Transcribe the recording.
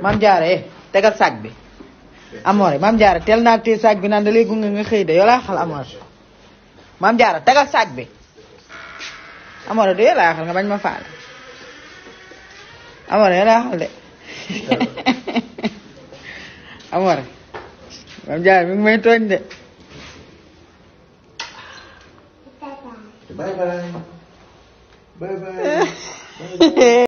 maam jaara eh tegal sac bi amoore maam jaara teel naa téye sac bi naan da lay nga xëy de yoo laa xal amoore maam jaara tegal sac bi amoore du yoo laa xal de amoore maam jaara mi ngi may tooñ de